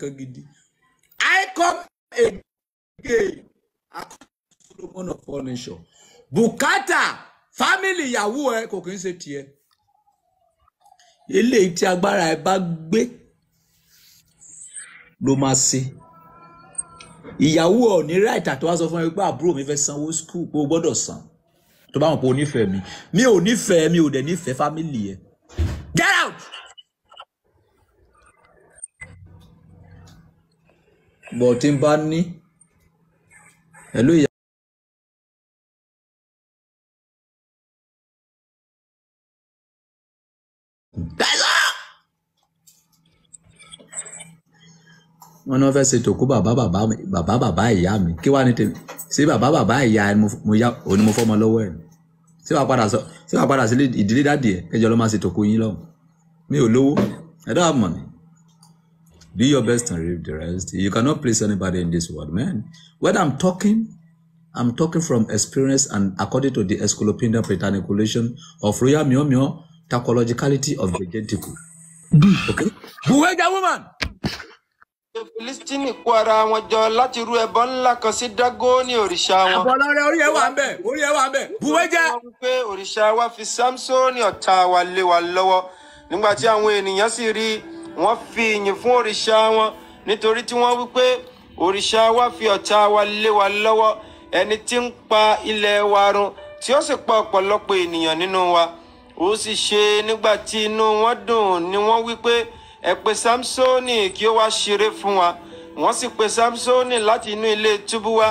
nǹkan gidi I come again Solomon of all nations bùkátà fámìlì ìyàwó ẹ kò kì í ṣe tiẹ̀ eléyìí tí agbára ẹ bá gbé ló máa ṣe ìyàwó ọ̀ ní ráìtà tó wá sọ fún ẹ pé àbúrò mi fẹ́ sanwó skul pé o gbọ́dọ̀ san tó bá wọn pé o nífẹ̀ẹ́ mi mi ò nífẹ̀ẹ́ mi ò dẹ̀ nífẹ̀ẹ́ fámìlì ẹ get out. bọ̀ tí n bá ní pẹ̀lú ìyá. wọ́n ní wọ́n fẹ́ ṣe tòkú bàbá bàbá bàbá bàbá ìyá mi kí wàá ní tèmi ṣé bàbá bàbá ìyá mo yá òní mo fọ́mọ lọ́wọ́ ẹ̀ ṣé wàá padà ṣé wàá padà sí ìdílé dáàdì ẹ̀ kẹjọ ló máa ṣe tòkú yín lọ́hùn mi ò lówó ẹ̀dọ́ àmọ̀ ni. Do your best and reap the rest. You cannot please anybody in this world, man. When I'm talking, I'm talking from experience and according to the Esculopendia Britanniculation of Royal Mio Mio Tacologicality of the Genticle. Okay? Buwega woman! Filistini kó ara wọn jọ láti rú ẹbọ ńlá kan sí Dágónì òrìṣà wọn. Àbọ̀lọ́rẹ́ orí ẹ wà ń bẹ̀, orí ẹ wà ń bẹ̀, buwẹ́jẹ́. Wọ́n pé òrìṣà wa fi Sámsónì ọ̀tá wa lé wa lọ́wọ́ nígbà tí àwọn ènìyàn sì rí i wọ́n fi ìyìn fún òrìṣà wọn nítorí tí wọ́n wípé òrìṣà wa fi ọ̀tá wa lé wa lọ́wọ́ ẹni tí ń pa ilẹ̀ wa run tí ó sì pa ọ̀pọ̀lọpọ̀ ènìyàn nínú wa ó sì ṣe nígbà tí inú wọn dùn ni wọ́n wípé ẹ pè kí ó wá ṣeré fún wa wọ́n sì pè Sámsónì láti inú ilé túbú wa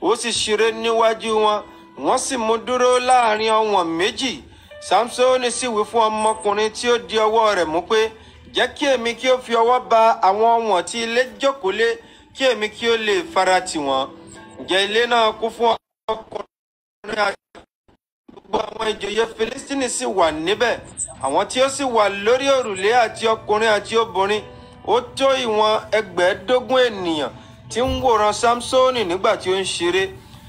ó sì ṣeré níwájú wọn wọ́n sì mú dúró láàrin ọ̀wọ̀n méjì Sámsónì sì wí fún ọmọkùnrin tí ó di ọwọ́ rẹ̀ mú pé jẹ́ kí èmi kí ó fi ọwọ́ ba àwọn ọ̀wọ̀n tí ilé jókòólé kí èmi kí ó lè fara tì wọ́n ǹjẹ́ ilé náà kún fún ọkùnrin àti gbogbo àwọn ìjòyè Filistini sì wà níbẹ̀ àwọn tí ó sì wà lórí òrùlé àti ọkùnrin àti obìnrin ó tó ìwọ̀n ẹgbẹ̀ẹ́dógún ènìyàn tí ń wòran Samsoni nígbà tí ó ń ṣeré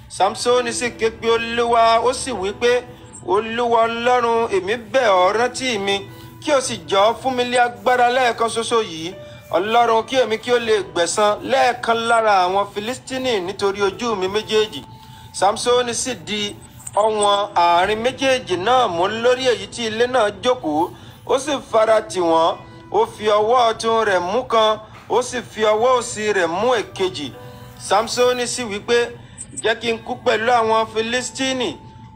Samsoni sì ké pe Olúwa ó sì wí pé Olúwa Ọlọ́run èmi bẹ̀ ọ́ rántí mi kí o sì jọ fún mi lé agbára lẹ́ẹ̀kan ṣoṣo yìí ọlọ́run kí èmi kí o lè gbẹ̀san lẹ́ẹ̀kan lára àwọn filistini nítorí ojú mi méjèèjì samsoni sì di ọ̀wọ̀n àárín méjèèjì náà mú lórí èyí tí ilé náà jókòó ó sì fara tì wọ́n ó fi ọwọ́ ọ̀tún rẹ̀ mú kan ó sì fi ọwọ́ òsì rẹ̀ mú èkejì samsoni sì wípé jẹ́ kí n kú pẹ̀lú àwọn filistini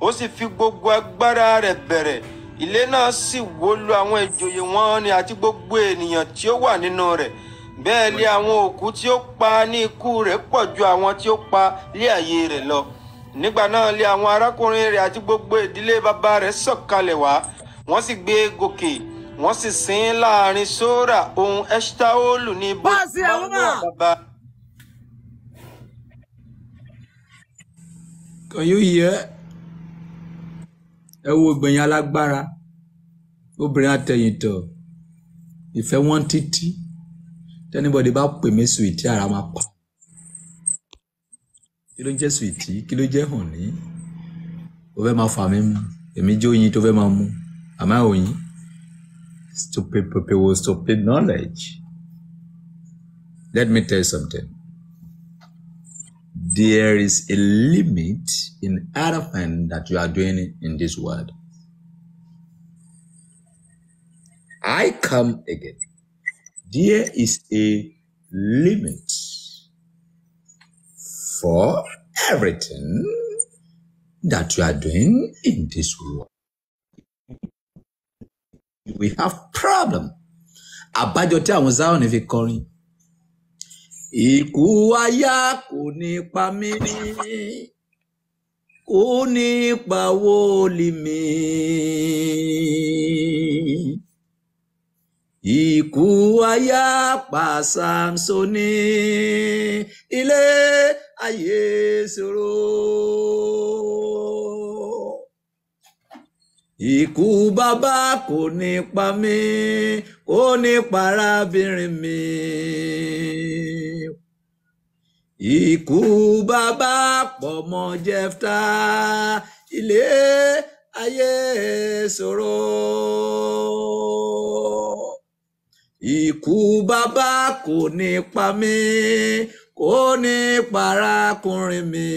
ó sì fi gbogbo agbára rẹ̀ bẹ̀rẹ̀ ilé náà sì wó lu àwọn ìjòyè wọn ni àti gbogbo ènìyàn tí ó wà nínú rẹ̀ bẹ́ẹ̀ ni àwọn òkú tí ó pa ní ikú rẹ̀ pọ̀ ju àwọn tí ó pa lé àyè rẹ̀ lọ nígbà náà lé àwọn arákùnrin rẹ̀ àti gbogbo ìdílé bàbá rẹ̀ sọ̀kalẹ̀ wá wọ́n sì gbé e gòkè wọ́n sì sin láàrin sora ohun eshtaolu ní ibùdó bàbá. Can you hear? ẹ wo obìnrin alágbára obìnrin àtẹ̀yìntọ̀ ìfẹ́ wọn títí tẹ́nibọ̀dì bá pè mí sùwìtì ara máa pa kí ló ń jẹ́ sùwìtì kí ló jẹ́ hàn ní o fẹ́ máa fà mí mu èmi jẹ́ oyin tó fẹ́ máa mu àmọ́ oyin stupid people with stupid knowledge let me tell you something. there is a limit in everything that you are doing in this world. I come again. There is a limit for everything that you are doing in this world. We have problem. Abájọ amuzao àwọn ní fi Ikú ayá kò ní pa mí, kò ní pa wòlí mi. Ikú ayá pa Samsoni, ilé ayé ṣòro. Ikú bàbá kò ní pa mí, kò ní pa arábìnrin mi. Ikú bàbá pọ̀ mọ́ Jẹ́fta, ilé ayé ṣòro. Ikú bàbá kò ní pa mí, kò ní pa arákùnrin mi.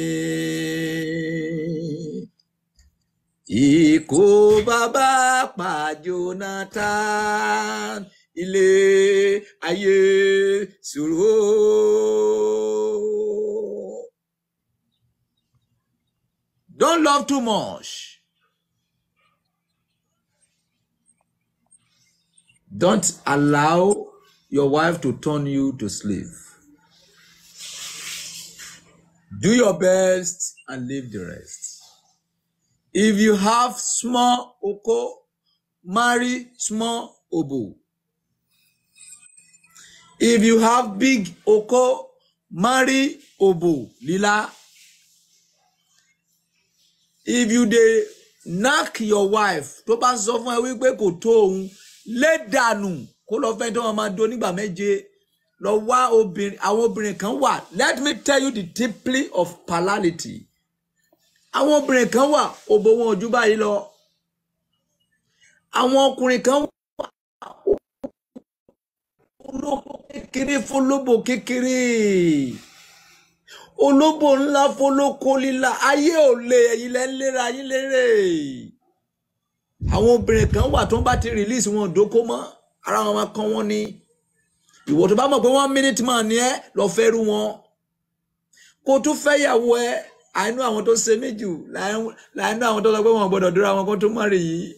Ikú bàbá pa Jonathan ilé ayé ṣòro. Don't love too much. Don't allow your wife to turn you to slave. Do your best and leave the rest. If you have small oko, marry small obo. If you have big oko, marry obo lila. If you dey knack your wife tó bá sọ fún ẹ wípé kò tó òun lé dànù kó lọ fẹ́ tó wọn máa do nígbà méje lọ wá obìnrin àwọn obìnrin kan wà let me tell you the deeply of palality àwọn obìnrin kan wà òbò wọn ò ju báyìí lọ àwọn ọkùnrin kan wà olóbò kékeré fọlóbò kékeré olóbò ńlá fọlóko líla ayé ò lè ẹ̀yin lẹ ń lera yín lérè àwọn obìnrin kan wà tó ń bá ti release wọn dóko mọ ara wọn máa kàn wọn ni ìwọ tó bá mọ̀ pé one minute man ni ẹ lọ fẹ́ rú wọn kó tún fẹ́ yàwó ẹ àánú àwọn tó ṣe mí jù láàánú àwọn tó sọ pé wọn gbọ́dọ̀ dúró àwọn kan tó mọ rè yìí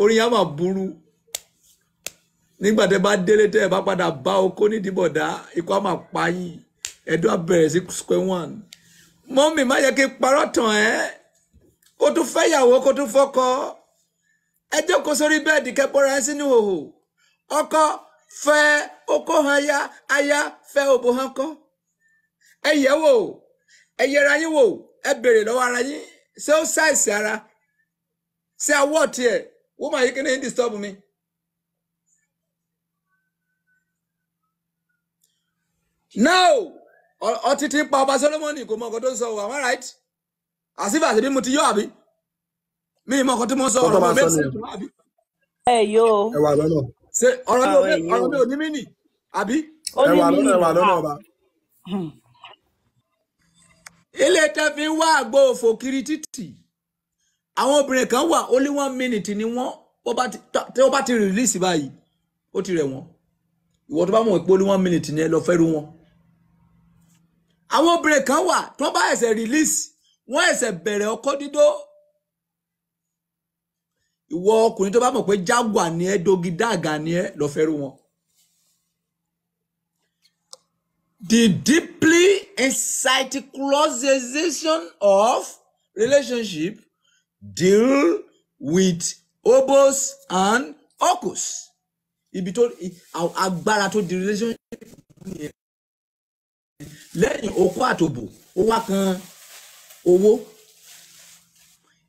orin yẹn á mà burú nígbà tẹ bá délé tẹ bá padà bá okó nídìí bọ̀dá ikú á mà pa yín ẹ̀dọ́ á bẹ̀rẹ̀ sí square one mọ́mì má yẹ kí parọ́ tàn ẹ́ kó tún fẹ́yàwó kó tún fọ́kọ ẹ jókòó sórí bẹ́ẹ̀dì kẹ́pọ́ra ẹ sínú òhò ọkọ fẹ́ okó hàn ya aya fẹ́ òbò hàn kọ́ ẹ yẹ̀ wò ẹ yẹra yín wò Ebere bèrè lọ́wọ́ ara o ṣé ó ara ṣé awọ́ tiẹ̀ wọ́n máa yí kíní disturb me now ọtí pa ọba Solomoni kò mọ ọkọ tó ń sọ ọ am I right àsìbà àti bí mo ti yọ àbí mi mọ sọ ọ̀rọ̀ mi mẹsàn án ẹ yóò ẹ wà ṣe ọ̀rọ̀ mi ò ní ilé tẹ́ fi ń wá àgbo òfò kiri títì àwọn obìnrin kan wà only one minute ni wọ́n tí wọ́n bá ti release báyìí ó ti rẹ̀ wọ́n ìwọ tó bá mọ̀ pé only one minute ni ẹ lọ fẹ́ rú wọn. àwọn obìnrin kan wà tí wọ́n bá ẹsẹ̀ release wọ́n ẹsẹ̀ bẹ̀rẹ̀ ọkọ́ dídó ìwọ ọkùnrin tó bá mọ̀ pé jágùà ni ẹ dogi dáàgà ni ẹ lọ fẹ́ rú wọn. the deeply encyclicalization of relationship deal with obos and okus. ibi tó agbára tó di relationship yẹn lẹ́yìn okó àtòbò ó kan owó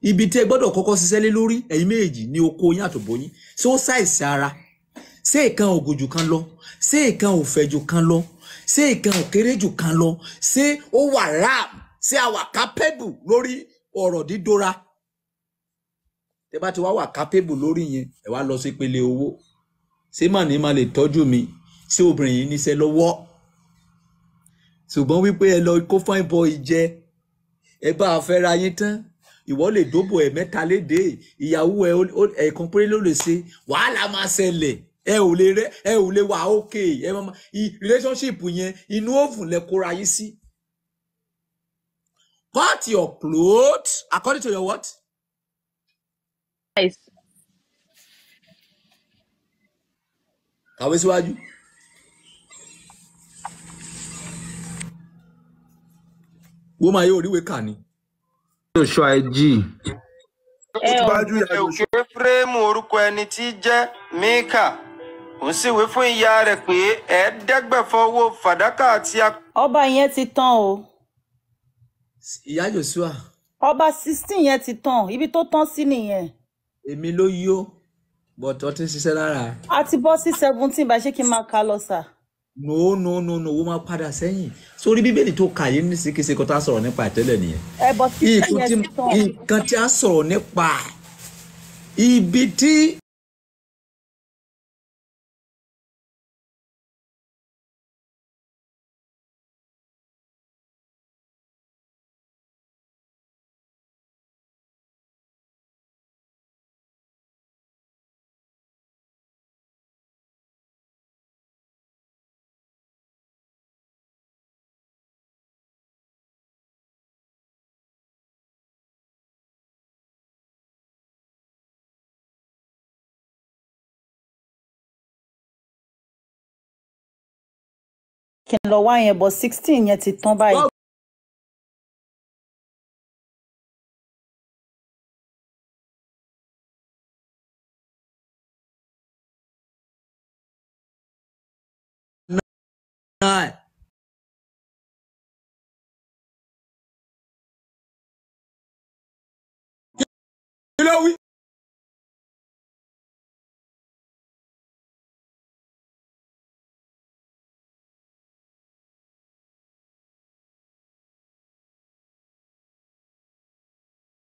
ibi tẹ́ gbọ́dọ̀ kọ́kọ́ ṣiṣẹ́ lé lórí ẹ̀yin méjì ní okó yín àtòbò yín ṣé ó ṣàìsí ara ṣé ìkan ògòjù kan lọ ṣé ìkan òfẹ̀jù kan lọ ṣé ìkan ò kéré jù kan lọ ṣé ó wà ram ṣé a wà capable lórí ọ̀rọ̀ dídóra tẹ bá ti wá wà capable lórí yẹn ẹ wá lọ sí ìpele owó ṣé màní máa lè tọ́jú mi ṣé obìnrin yìí níṣẹ́ lọ́wọ́ ṣùgbọ́n wípé ẹ lọ kó fine boy jẹ ẹ bá a fẹ́ yín tán ìwọ lè dóbò ẹ̀ mẹ́ta léde ìyàwó ẹ̀ ẹ̀ẹ̀kan péré ló lè ṣe wàhálà máa ṣẹlẹ̀ ẹ ò lè rẹ ẹ ò lè wà ókè ẹ mọ relationship yẹn inú òfun lẹ kóra yín sí. Cut your clothes according to your what? Nice. Kàwé síwájú. Wọ́n máa yẹ oríwé kà ni. Oṣù àìjì. Ẹ ò ṣe fúrémù orúkọ ẹni tí jẹ́ Mika ó sì wí fún ìyá rẹ̀ pé ẹ̀ẹ́dẹ́gbẹ̀fọ owó fàdákà àti. ọba yẹn ti tán o. ìyá Joshua. ọba sixteen yẹn ti tán ibi tó tán sí nìyẹn. èmi ló yó bọ̀tọ̀ tí ń ṣiṣẹ́ lára. a ti bọ́ sí seventeen bá ṣé kí n máa kà lọ sà. no no no no wọ́n máa padà sẹ́yìn sórí bíbélì tó kà yìí nísìsiyìí kí ṣe kó tá a sọ̀rọ̀ nípa ìtẹ́lẹ̀ nìyẹn. ẹ bọ sí ẹyẹ ti tán. nǹkan tí a sọ̀rọ̀ nípa ibi tí Ken lwa yon bo 16, yon ti tombay. Yon lwa yon bo 16, yon ti tombay.